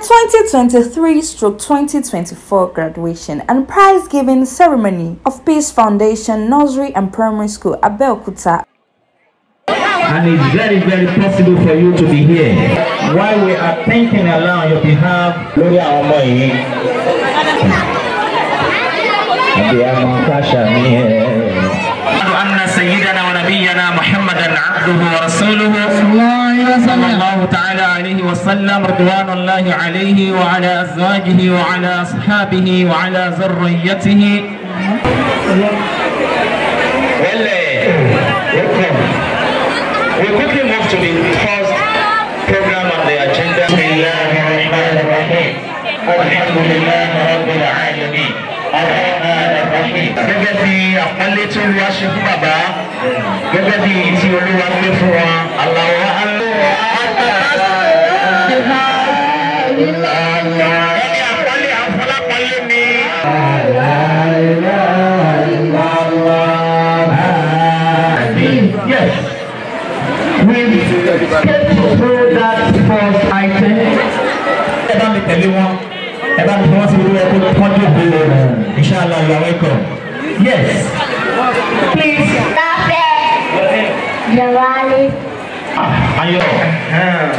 2023 stroke 2024 graduation and prize-giving ceremony of Peace Foundation Nursery and Primary School Abeokuta. And it's very, very possible for you to be here. While we are thinking Allah on your behalf, Lori Aomoyi, the عبده ورسوله صلى الله تعالى عليه وسلم رضوان الله عليه وعلى أزواجه وعلى أصحابه وعلى ذريته الحمد لله رب العالمين gẹ́gẹ́ bí àpálẹ́ tó lu aṣojú bàbá gẹ́gẹ́ bí ti olúwa gbé fún wa aláwọ̀ alẹ́ ẹni àpálẹ́ àfọlápálẹ́ ni. Inshallah, you are welcome. Yes. Please. Jawali. Ah, Ayo. Hmm.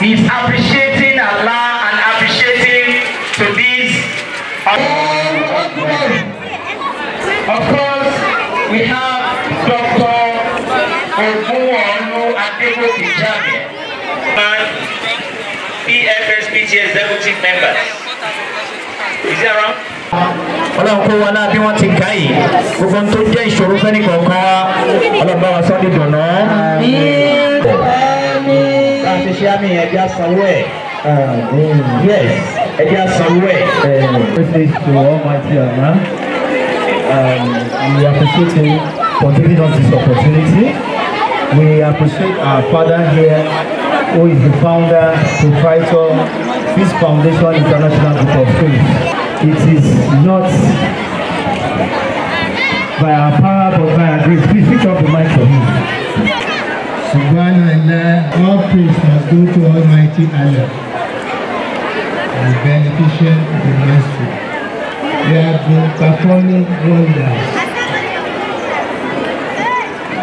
He's appreciating Allah and appreciating to this. Of course, we have Dr. Obuonu Adebo Ijame, PFSPG executive members. Is that wrong? ọlọ́run kó wọn náà bí wọ́n ti ká yìí gbogbo tó jẹ́ ìṣòro fẹ́ni kọ̀ọ̀kan wa wa sọ́ di dùnú. láti ṣe àmì ẹ̀jẹ̀ sanwó ẹ̀ yes ẹ̀jẹ̀ sanwó ẹ̀. praise to Almighty Allah um, we appreciate him for giving this opportunity we appreciate our father here who is the founder proprietor Peace Foundation International Group of Faith. It is not by our power, but by our grace. Please pick up the mic for him. Uh, all praise must go to Almighty Allah, the beneficent of the ministry. We have been performing wonders.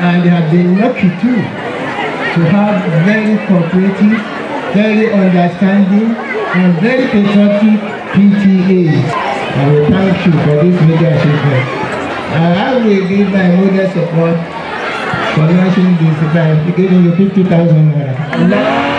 And they have been lucky too to have very cooperative, very understanding, and very patriotic PTA. I will thank you for this major achievement. I will give my modest support for launching this event, giving you 50,000 naira.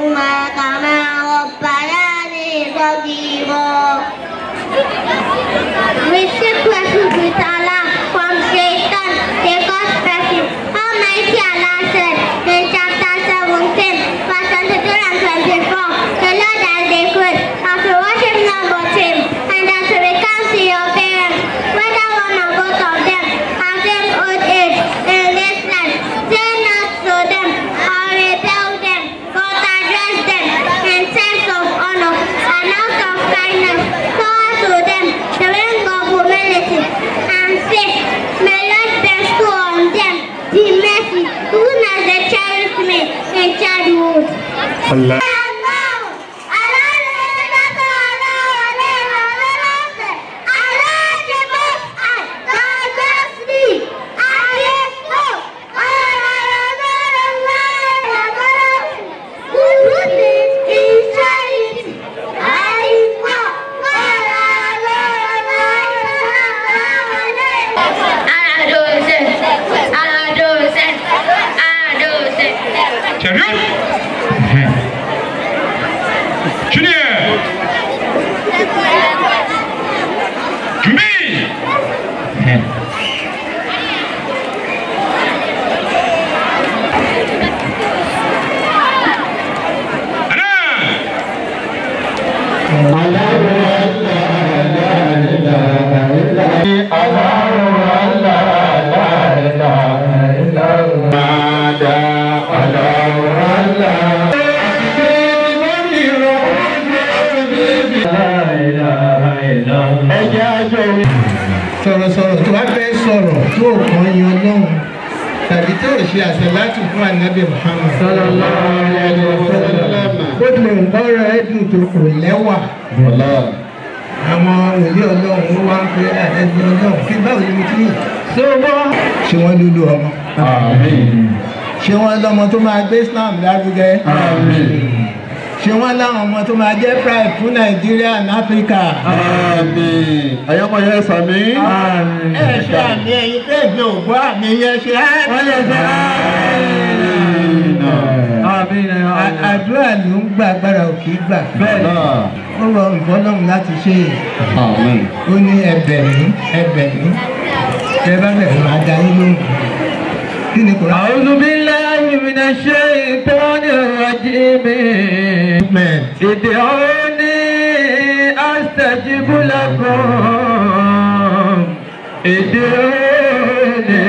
ربهما كما ربياني صغيرا. ṣe àṣàlátù fún ànábì Muhammad. sallallahu alaihi wasallam. ó lè ń lọ́rọ̀ ẹ̀dùn tó kò lẹ́wà. àwọn òbí ọlọ́run wá ń pe àdẹ́gbẹ́ ọlọ́run kí báwo ni mo ti yìn. sọ́wọ́. ṣé wọ́n lulu ọmọ. ṣé wọ́n lọ́mọ tó máa gbé Islam lárugẹ ṣé wọ́n láwọn ọmọ tó máa jẹ́ pride fún nàìjíríà and africa. àmín àyọkọ̀yẹ sàmì. ẹ ṣe àmì ẹyin tẹ́ ìgbẹ́ ògbó àmì yẹn ṣe á. wọ́n lè ṣe àmín. àdúrà ló ń gbà agbára ò kì í gbà. bẹ́ẹ̀ ó rọrùn fọlọ́run láti ṣe é. ó ní ẹ̀bẹ̀ mi ẹ̀bẹ̀ mi. ẹ bá bẹ̀ fún adarí lóhùn. kí ni kò rà. àwọn olùbí ńlá. من الشيطان الرجيم ادعوني أستجب لكم ادعوني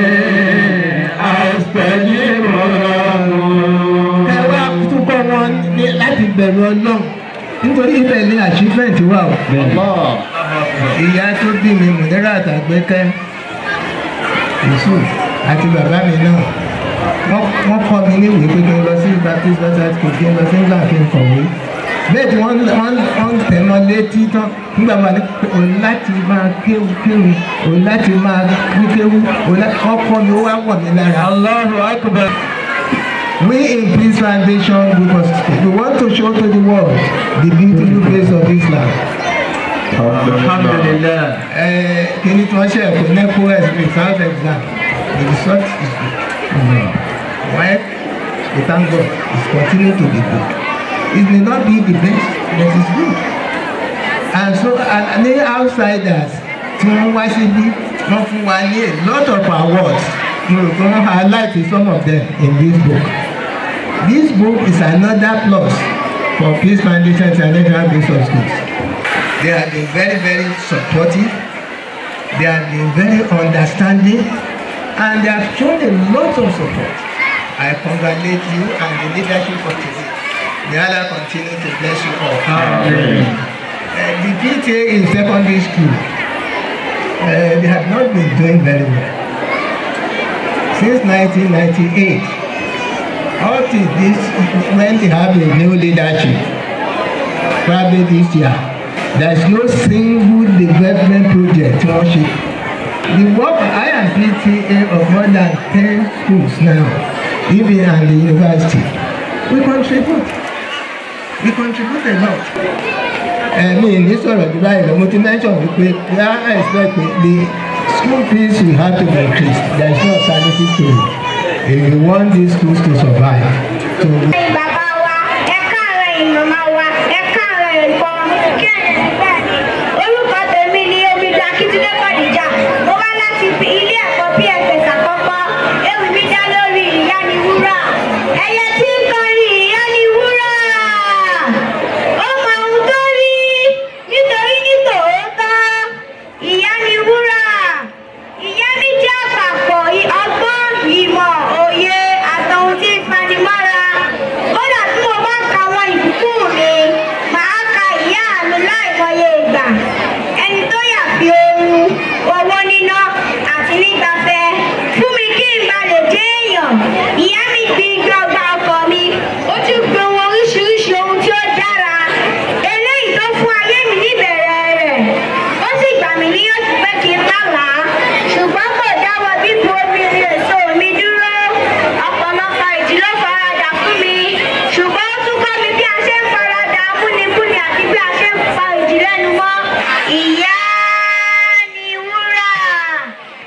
أستجب لكم nítorí ibẹ̀ ni achievement wà ó ìyá tó bí mi mùdírà àtàgbẹ́kẹ́ yusuf àti bàbá mi náà wọ́n kọ́ mi níwèé pé kí lọ sí Baptist Baptist kò lọ sí England kí n kọ̀wé bẹ́ẹ̀ tí wọ́n ń tẹ̀mọ́ létí tán nígbà máa ní o láti máa kéwu kéwu o láti máa wí kéwu ọkọ mi wá wọ̀ mí lára. Allahu Akbar. We in Peace Foundation we we want to show to the world the beautiful place of Islam. Alhamdulillah. Eh, kí ni tí wọ́n ṣe ẹ̀kọ́ NECO ẹ̀sìn south exam mm, mm-hmm. while we thank God it's continuing to be good. It may not be the best, but it's good. And so and any outsiders tí wọ́n wá síbí wọ́n fún wa lot of awards. You will go highlight some of them in this book. This book is another plus for Peace Foundation International Base of Schools. They have been very, very supportive. They have been very understanding and they have shown a lot of support. I congratulate you and the leadership for today. May Allah continue to bless you all. Amen. Uh, the PTA in secondary school, uh, they have not been doing very well. Since 1998, up to this, when they have a new leadership, probably this year, there is no single development project to worship We work I am IMPTA of more than 10 schools now, even at the university. We contribute. We contribute a lot. I mean, this bí báyìí lọ, mo ti mention wípé we are expect the school fees we have to increase. There is no alternative to it. If we want these schools to survive. So É aí.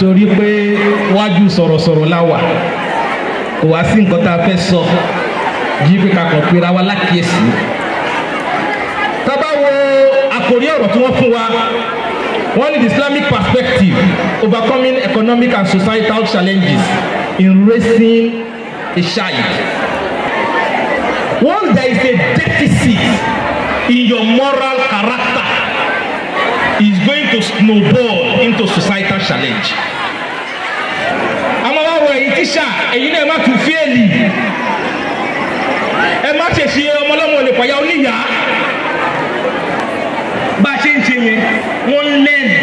nítorí pé wájú sọ̀rọ̀sọ̀rọ̀ la wà kò wá sí nǹkan tá a fẹ́ sọ yí pé ká kàn pera wa lákìyèsí. tá àkòrí ọ̀rọ̀ tí wọ́n fún wa wọ́n ní the Islamic perspective overcoming economic and societal challenges in raising a child. Once there is a deficit in your moral character, is going to snowball into societal challenge. àmọ́ wá wọ èyí tíṣà èyí náà má tún fíèlì ẹ má ṣe ṣe ọmọlọ́mọ lè pàyà oníyà bá a ṣe ń ṣe yẹn wọ́n ń lẹ́nu.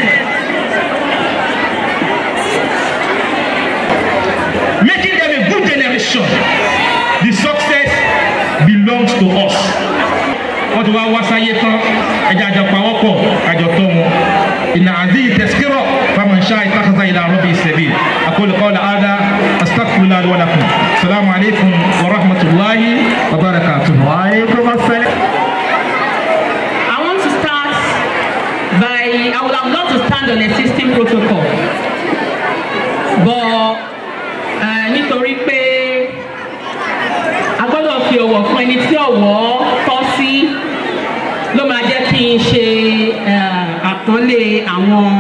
making them a good generation the success belongs to us wọ́n ti wá wá sáyé tán ẹjẹ́ àjọ pawọ́pọ̀ àjọ wọn ìnà àdí tẹ̀síkírọ̀ faman sha'a ittakhadha ila rabbihi sabil aqulu qawla hadha astaghfirullah li wa lakum alaykum wa rahmatullahi wa barakatuh. wa alaykum assalam. I want to start by I would have loved to stand on existing protocol but uh, nítorí pé a gbọ́dọ̀ fi ọ̀wọ̀ fún ẹni tí ọ̀wọ̀. ìdílé àwọn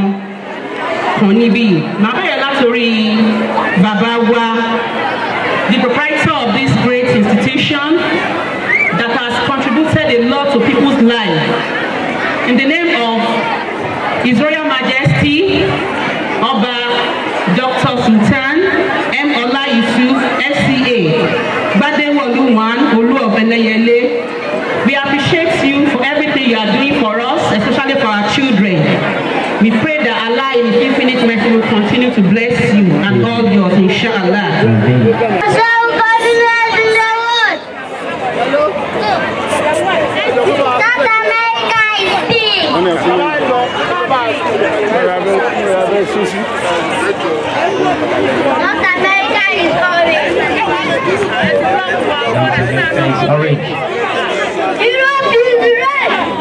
kan níbí màá bẹ̀rẹ̀ látòrí bàbá wa the proprietor of this great institution that has contributed a lot to people's lives, in the name of his royal majesty ọba dr sultan m ọlá yusuf sca gbadewolu one of ọbẹlẹyẹlé we appreciate everything you are doing for us, especially for our children. We pray that Allah in His infinite mercy will continue to bless you and all yours, inshallah. North America is coming. All right. Europe is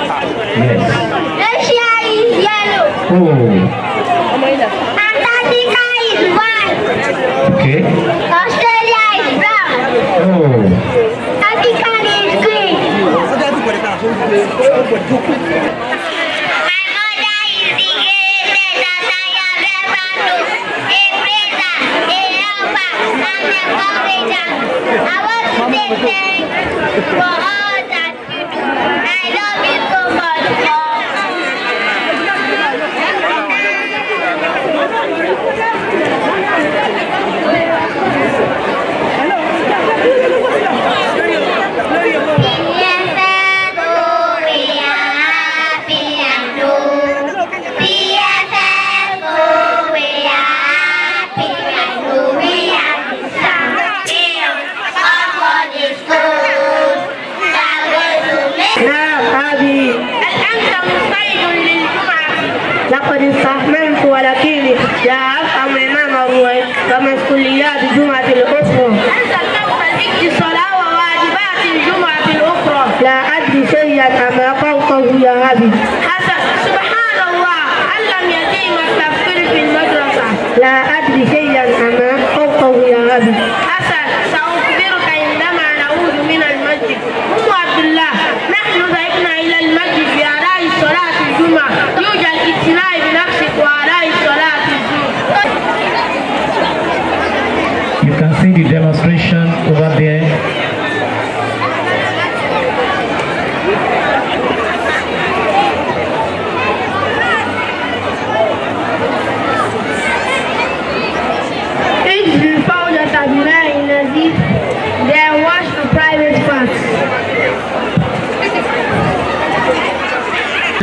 Yes. Asia is yellow. Oh. Antarctica is white. Okay. Australia is brown. Oh. Africa is green.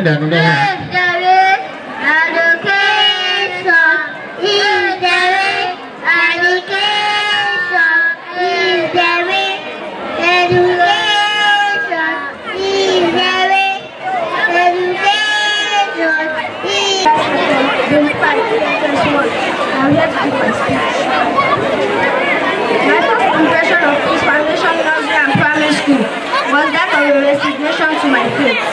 dànù dára. Ìdàwé àdùkéṣàn education education My first impression of this foundation and primary school was that of a resignation to my kids.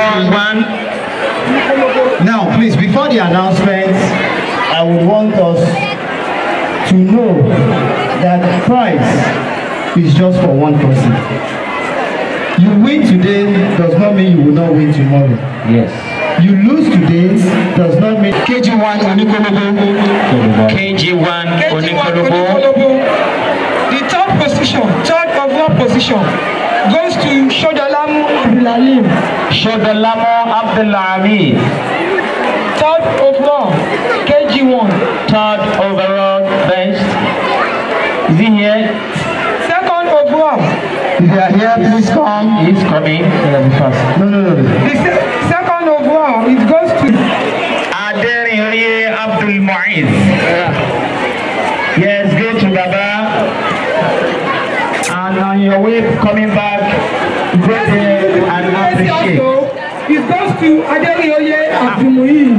one. One. Now, please, before the announcement, I would want us to know that the prize is just for one person. You win today does not mean you will not win tomorrow. Yes. You lose today does not mean KG1 Onikolobo. KG1 Onikolobo. The third position, third overall position goes to Shodolamu Abdulalim. Shodolamu Abdulalim. Third overall, KG1. Third overall, best. Is he here? Second overall. If you are here, please come. He's coming. He'll be first. No, no, no. The se second overall, it goes to Aderinye Abdul Muiz. Yes, go to Baba. And on your way, coming back celebrate him and appreciate. Is those two Aderoye Abdulmuiz?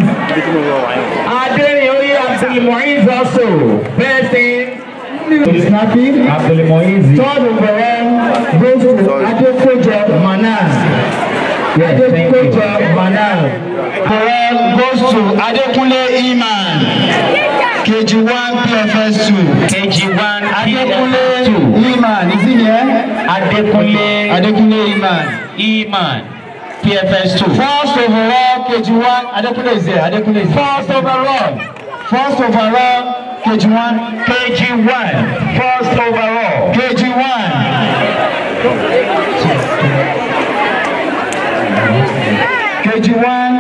Aderoye Abdulmuiz also. Best in. Abdulmuiz. Third overall goes to Aderoye. Adekunle Banal. Bọ̀wọ̀ goes Adekunle Iman. KG one PFS two. KG one Adekunle Iman is he here? Adekunle Adekunle Iman. Iman. PFS two. First overall KG one Adekunle is here. Adekunle is here. First overall. First overall KG one. KG one. First overall. KG one. kejì wọn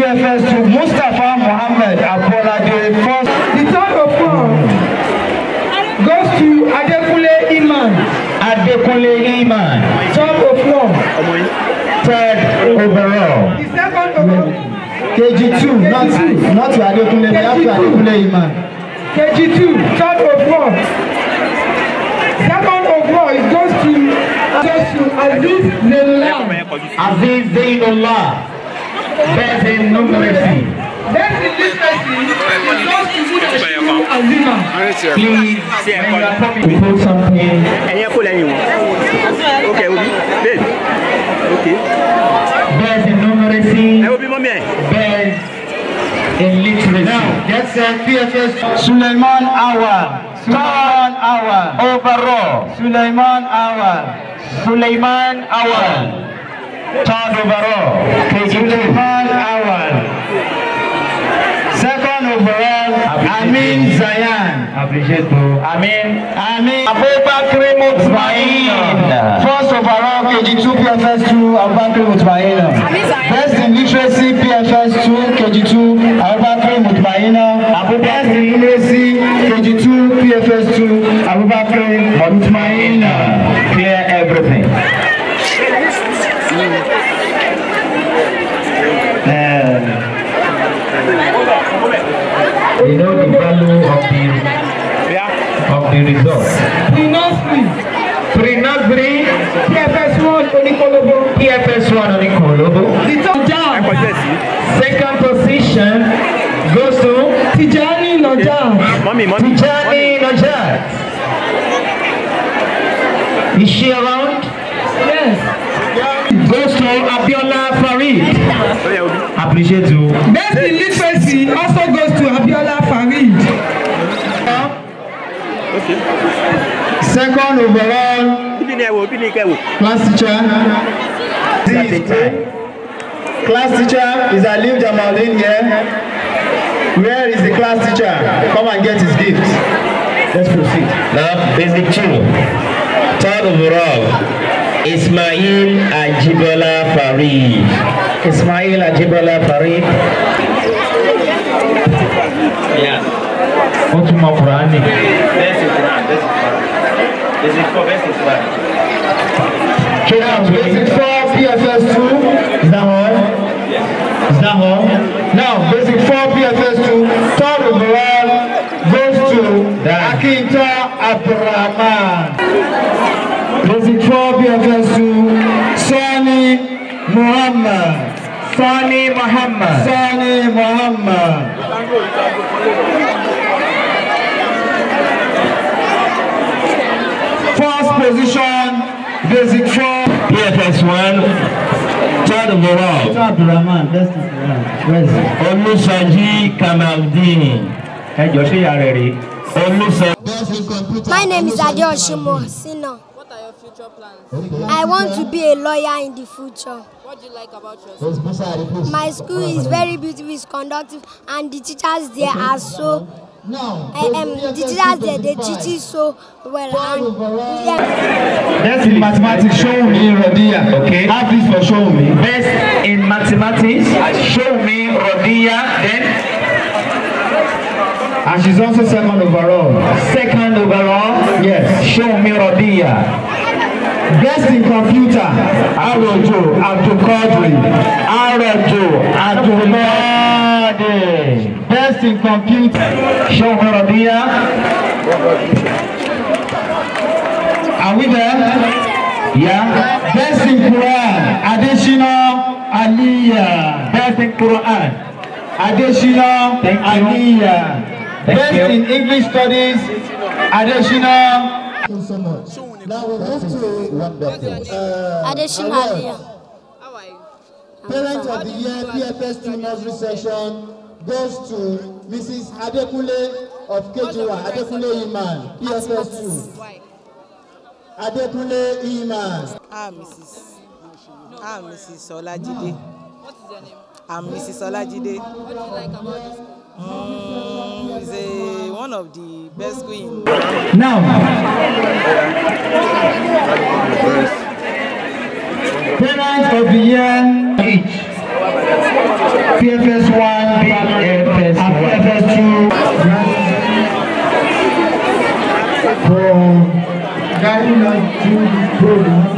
pfs two mustapha mohammed abolade first. the third of four goes to adekunle iman. adekunle iman. top of four third overall. the second of all. kejì two not two not to adekunle but after adekunle iman. kejì two third of four second of four it goes to. Akesu Aziz Nillah. Aziz Zainullah. Bẹ́ẹ̀ ni numeracy. Please, we put something. Ẹ̀yẹ́ kò lẹ́yìn wọn. Ok, Obi, babe. Ok. Bẹ́ẹ̀ ni numeracy. Ẹ wo bí mọ́mí ẹ̀. Bẹ́ẹ̀ ni literacy. Now, that's a PFS. Suleiman Awad. Awal. Overall. Sulaiman Awal. Sulaiman Awal. Third overall. Sulaiman Awal. Second overall. Amin Zayan. Appreciate you. Amin. Amin. Abubakar Mutmain. First overall KG2 PFS2 Abubakar Mutmain. Best in literacy PFS2 KG2 Abubakar Mutmain. Best in literacy KG2 PFS2, Abubakar Mutmain, clear everything. Uh, you know the value of the yeah. of the result. Pre-nursery. Pre-nursery. PFS1 Onikolobo. PFS1 Onikolobo. Second position goes to Tijani Noja. Mommy, mommy. Is she around? Yes. Goes to Abiola Farid. Appreciate you. Best in literacy also goes to Abiola Farid. Okay. Second overall. Class teacher. Class teacher is Alif Jamaldin here. Where is the class teacher? Come and get his gift. Let's proceed. Now, basic two third overall ismail ajibola farid ismail ajibola farid. ó tún mọ kùránì. Okay, now basic four PFS two. Is that all? Yeah. Is that all? Yeah. Now basic four PFS two. Third overall goes to Akinta Abdulrahman olùdíjọ́ bí ọ̀fẹ́ Sani Muhammad. Sani Muhammad. Sani Muhammad. First position, basic four. PFS one. Third overall. Abdulrahman, best is Rahman. Olusaji Kamaldini. Ẹ jọ ṣé ìyá rẹ̀ My name is Adeosun Mohsin. I want to be a lawyer in the future. What do you like about your school? My school is very beautiful, it's conductive, and the teachers there are so. No, I am the teachers there, they teach it so well. And, yeah. That's in mathematics, show me Rodia. Okay. Have this for show me. Best in mathematics, show me Rodia, then. And she's also second overall. Second overall? Yes. Show me Rodia. Best in computer, Arojo Abdulkadir. Arojo Abdulkadir. Best in computer, Sean Are we there? Yeah. Best in Quran, Adeshina Aliya. Best in Quran, Adeshina Aliya. Best in English studies, Adeshina Thank you so much. Now we have to wonderful. Uh, Adeshima Parent of the Year PFS2 Nursery Session goes to Mrs. Adekule of Kejura, Adekule Iman, PFS2. Adekule Iman. Ah, Mrs. Ah, Mrs. Olajide. What ah. ah, is your name? I'm Mrs. Olajide. What do you like about this Um, a, one of the best queen. Now, parents of the year each. PFS one, PFS PFS two. For guiding us through this program.